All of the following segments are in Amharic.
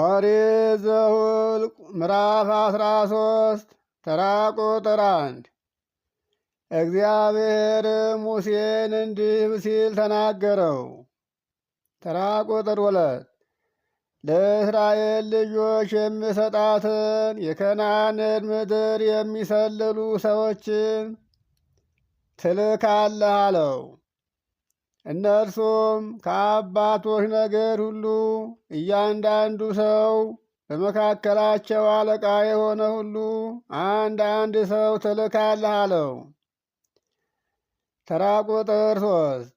ኦሪት ዘኍልቍ ምዕራፍ አስራ ሶስት ተራ ቁጥር አንድ እግዚአብሔርም ሙሴን እንዲህ ሲል ተናገረው። ተራ ቁጥር ሁለት ለእስራኤል ልጆች የሚሰጣትን የከነዓንን ምድር የሚሰልሉ ሰዎችን ትልካለህ አለው። እነርሱም ከአባቶች ነገር ሁሉ እያንዳንዱ ሰው በመካከላቸው አለቃ የሆነ ሁሉ አንድ አንድ ሰው ትልካለህ አለው። ተራ ቁጥር ሶስት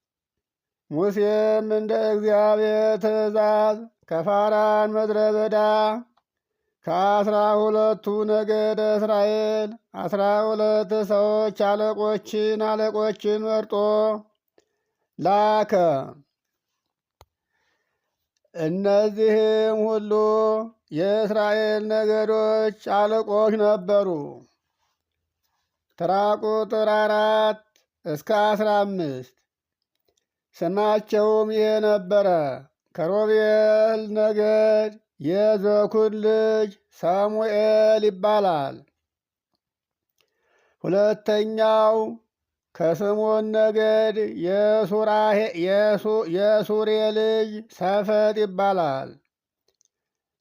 ሙሴም እንደ እግዚአብሔር ትእዛዝ ከፋራን ምድረ በዳ ከአስራ ሁለቱ ነገደ እስራኤል አስራ ሁለት ሰዎች አለቆችን አለቆችን መርጦ ላከ። እነዚህም ሁሉ የእስራኤል ነገዶች አለቆች ነበሩ። ተራ ቁጥር አራት እስከ አስራ አምስት ስማቸውም ይህ ነበረ። ከሮቤል ነገድ የዘኩር ልጅ ሳሙኤል ይባላል። ሁለተኛው ከስሙን ነገድ የሱሬ ልጅ ሰፈጥ ይባላል።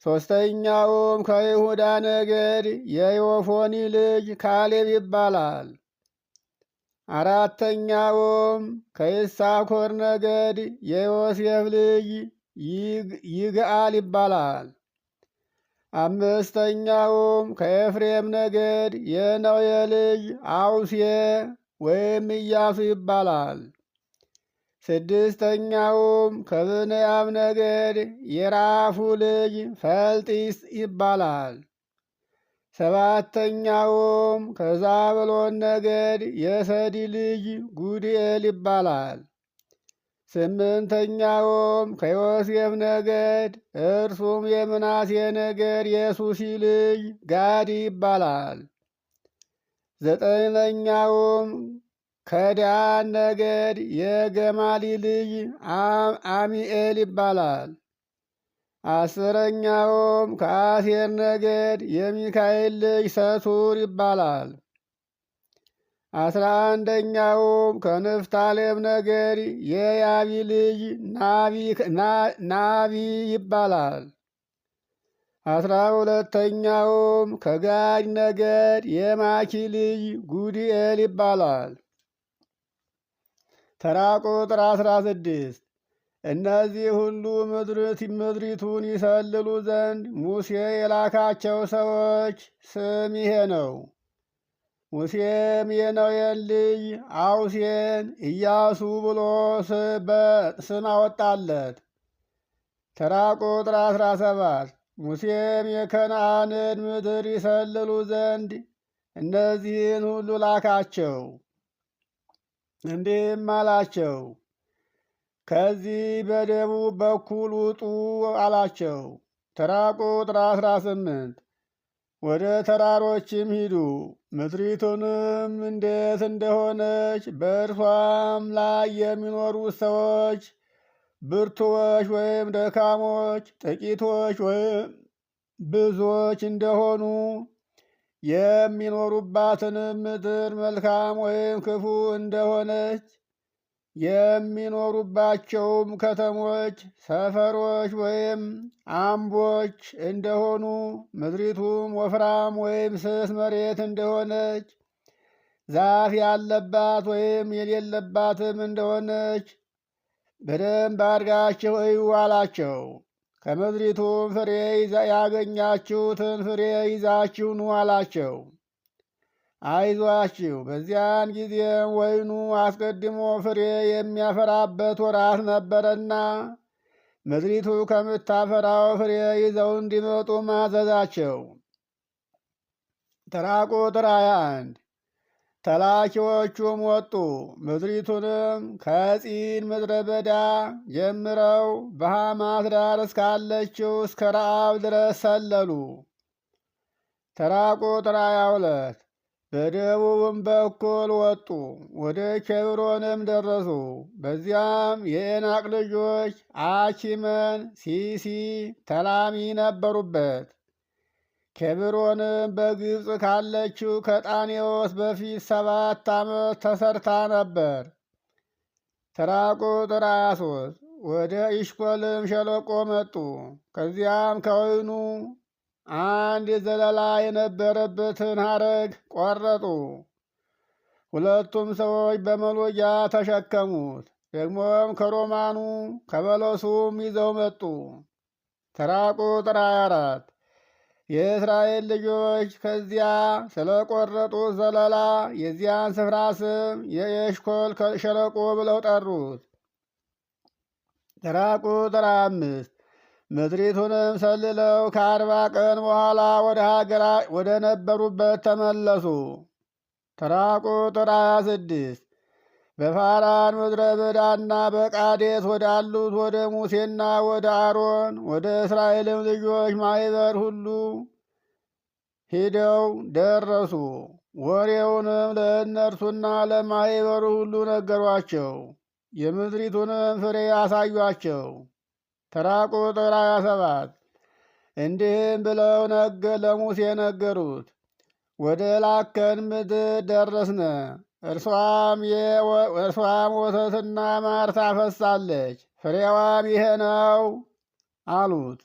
ሦስተኛውም ከይሁዳ ነገድ የዮፎኒ ልጅ ካሌብ ይባላል። አራተኛውም ከይሳኮር ነገድ የዮሴፍ ልጅ ይግአል ይባላል። አምስተኛውም ከኤፍሬም ነገድ የነውየ ልጅ አውሴ ወይም ኢያሱ ይባላል። ስድስተኛውም ከብንያም ነገድ የራፉ ልጅ ፈልጢስ ይባላል። ሰባተኛውም ከዛብሎን ነገድ የሰዲ ልጅ ጉድኤል ይባላል። ስምንተኛውም ከዮሴፍ ነገድ እርሱም የምናሴ ነገድ የሱሲ ልጅ ጋድ ይባላል። ዘጠነኛውም ከዳን ነገድ የገማሊ ልጅ አሚኤል ይባላል። አስረኛውም ከአሴር ነገድ የሚካኤል ልጅ ሰቱር ይባላል። አስራ አንደኛውም ከንፍታሌም ነገድ የያቢ ልጅ ናቢ ይባላል። አስራ ሁለተኛውም ከጋድ ነገድ የማኪ ልጅ ጉዲኤል ይባላል። ተራ ቁጥር አስራ ስድስት እነዚህ ሁሉ ምድሪቱን ይሰልሉ ዘንድ ሙሴ የላካቸው ሰዎች ስም ይሄ ነው። ሙሴም የነዌን ልጅ አውሴን ኢያሱ ብሎ ስም አወጣለት። ተራ ቁጥር አስራ ሰባት ሙሴም የከነአንን ምድር ይሰልሉ ዘንድ እነዚህን ሁሉ ላካቸው፣ እንዲህም አላቸው ከዚህ በደቡብ በኩል ውጡ አላቸው። ተራ ቁጥር አስራ ስምንት ወደ ተራሮችም ሂዱ ምድሪቱንም እንዴት እንደሆነች በእርሷም ላይ የሚኖሩ ሰዎች ብርቱዎች ወይም ደካሞች፣ ጥቂቶች ወይም ብዙዎች እንደሆኑ የሚኖሩባትንም ምድር መልካም ወይም ክፉ እንደሆነች የሚኖሩባቸውም ከተሞች፣ ሰፈሮች ወይም አምቦች እንደሆኑ ምድሪቱም ወፍራም ወይም ስስ መሬት እንደሆነች ዛፍ ያለባት ወይም የሌለባትም እንደሆነች በደንብ አድርጋችሁ እዩ አላቸው። ከምድሪቱም ፍሬ ያገኛችሁትን ፍሬ ይዛችሁ ኑ አላቸው። አይዟችሁ፣ በዚያን ጊዜም ወይኑ አስቀድሞ ፍሬ የሚያፈራበት ወራት ነበረና ምድሪቱ ከምታፈራው ፍሬ ይዘው እንዲመጡ ማዘዛቸው። ተራ ቁጥር ተላኪዎቹም ወጡ። ምድሪቱንም ከጺን ምድረ በዳ ጀምረው በሐማት ዳር እስካለችው እስከ ረአብ ድረስ ሰለሉ። ተራ ቁጥር ሃያ ሁለት በደቡብም በኩል ወጡ፣ ወደ ኬብሮንም ደረሱ። በዚያም የኤናቅ ልጆች አኪመን፣ ሲሲ፣ ተላሚ ነበሩበት። ኬብሮንም በግብፅ ካለችው ከጣኔዎስ በፊት ሰባት ዓመት ተሰርታ ነበር። ተራ ቁጥር 23 ወደ ኢሽኮልም ሸለቆ መጡ። ከዚያም ከወይኑ አንድ የዘለላ የነበረበትን ሐረግ ቆረጡ። ሁለቱም ሰዎች በመሎጃ ተሸከሙት። ደግሞም ከሮማኑ ከበለሱም ይዘው መጡ። ተራ ቁጥር 24 የእስራኤል ልጆች ከዚያ ስለ ዘለላ የዚያን ስፍራ ስም የኤሽኮል ሸለቆ ብለው ጠሩት። ተራ ቁጥር አምስት ምድሪቱንም ሰልለው ከአርባ ቀን በኋላ ወደ ሀገራ ወደ ነበሩበት ተመለሱ። ተራ ቁጥር ስድስት በፋራን ምድረ በዳና በቃዴስ ወዳሉት ወደ ሙሴና ወደ አሮን ወደ እስራኤልም ልጆች ማኅበር ሁሉ ሂደው ደረሱ። ወሬውንም ለእነርሱና ለማይበሩ ሁሉ ነገሯቸው። የምድሪቱንም ፍሬ አሳዩአቸው። ተራ ቁጥር 27 እንዲህም ብለው ነገ ለሙሴ ነገሩት። ወደ ላከን ምድር ደረስነ እርሷም ወተትና ማር ታፈሳለች፣ ፍሬዋም ይሄ ነው አሉት።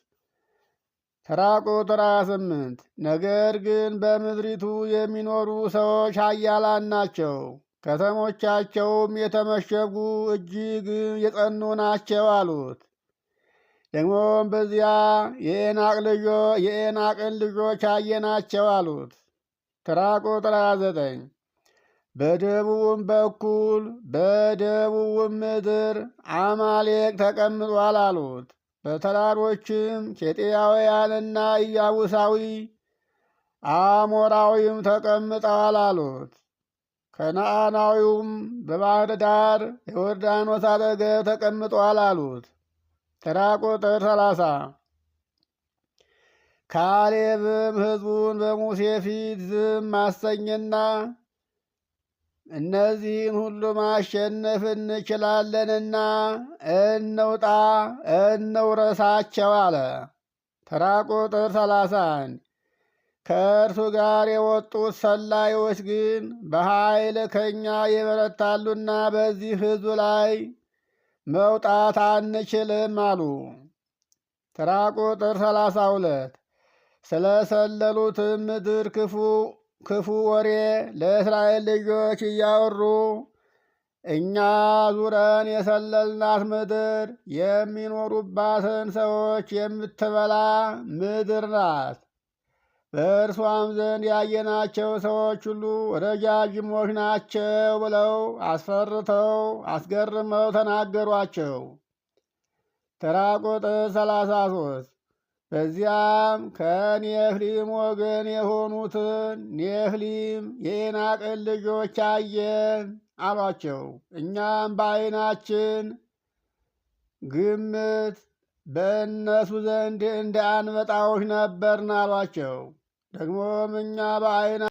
ተራ ቁጥር ስምንት ነገር ግን በምድሪቱ የሚኖሩ ሰዎች ኃያላን ናቸው፣ ከተሞቻቸውም የተመሸጉ እጅግ የጸኑ ናቸው አሉት። ደግሞም በዚያ የኤናቅን ልጆች አየናቸው አሉት። ተራ ቁጥር 29 በደቡብም በኩል በደቡብም ምድር አማሌቅ ተቀምጧል አሉት። በተራሮችም ኬጢያውያንና ኢያቡሳዊ አሞራዊም ተቀምጠዋል አሉት። ከነአናዊውም በባህር ዳር የዮርዳኖስ አጠገብ ተቀምጧል አሉት። ተራ ቁጥር ሰላሳ ካሌብም ሕዝቡን በሙሴ ፊት ዝም ማሰኝና እነዚህን ሁሉ ማሸነፍ እንችላለንና እንውጣ እንውረሳቸው አለ። ተራ ቁጥር 31 ከእርሱ ጋር የወጡት ሰላዮች ግን በኃይል ከኛ ይበረታሉና በዚህ ሕዝብ ላይ መውጣት አንችልም አሉ። ተራ ቁጥር 32 ስለ ሰለሉትም ምድር ክፉ ክፉ ወሬ ለእስራኤል ልጆች እያወሩ እኛ ዙረን የሰለልናት ምድር የሚኖሩባትን ሰዎች የምትበላ ምድር ናት። በእርሷም ዘንድ ያየናቸው ሰዎች ሁሉ ረጃጅሞች ናቸው ብለው አስፈርተው አስገርመው ተናገሯቸው። ተራ ቁጥር ሰላሳ ሶስት በዚያም ከኔህሊም ወገን የሆኑትን ኔህሊም የዔናቅን ልጆች አየን አሏቸው። እኛም በዓይናችን ግምት በእነሱ ዘንድ እንደ አንበጣዎች ነበርን አሏቸው። ደግሞም እኛ በዓይና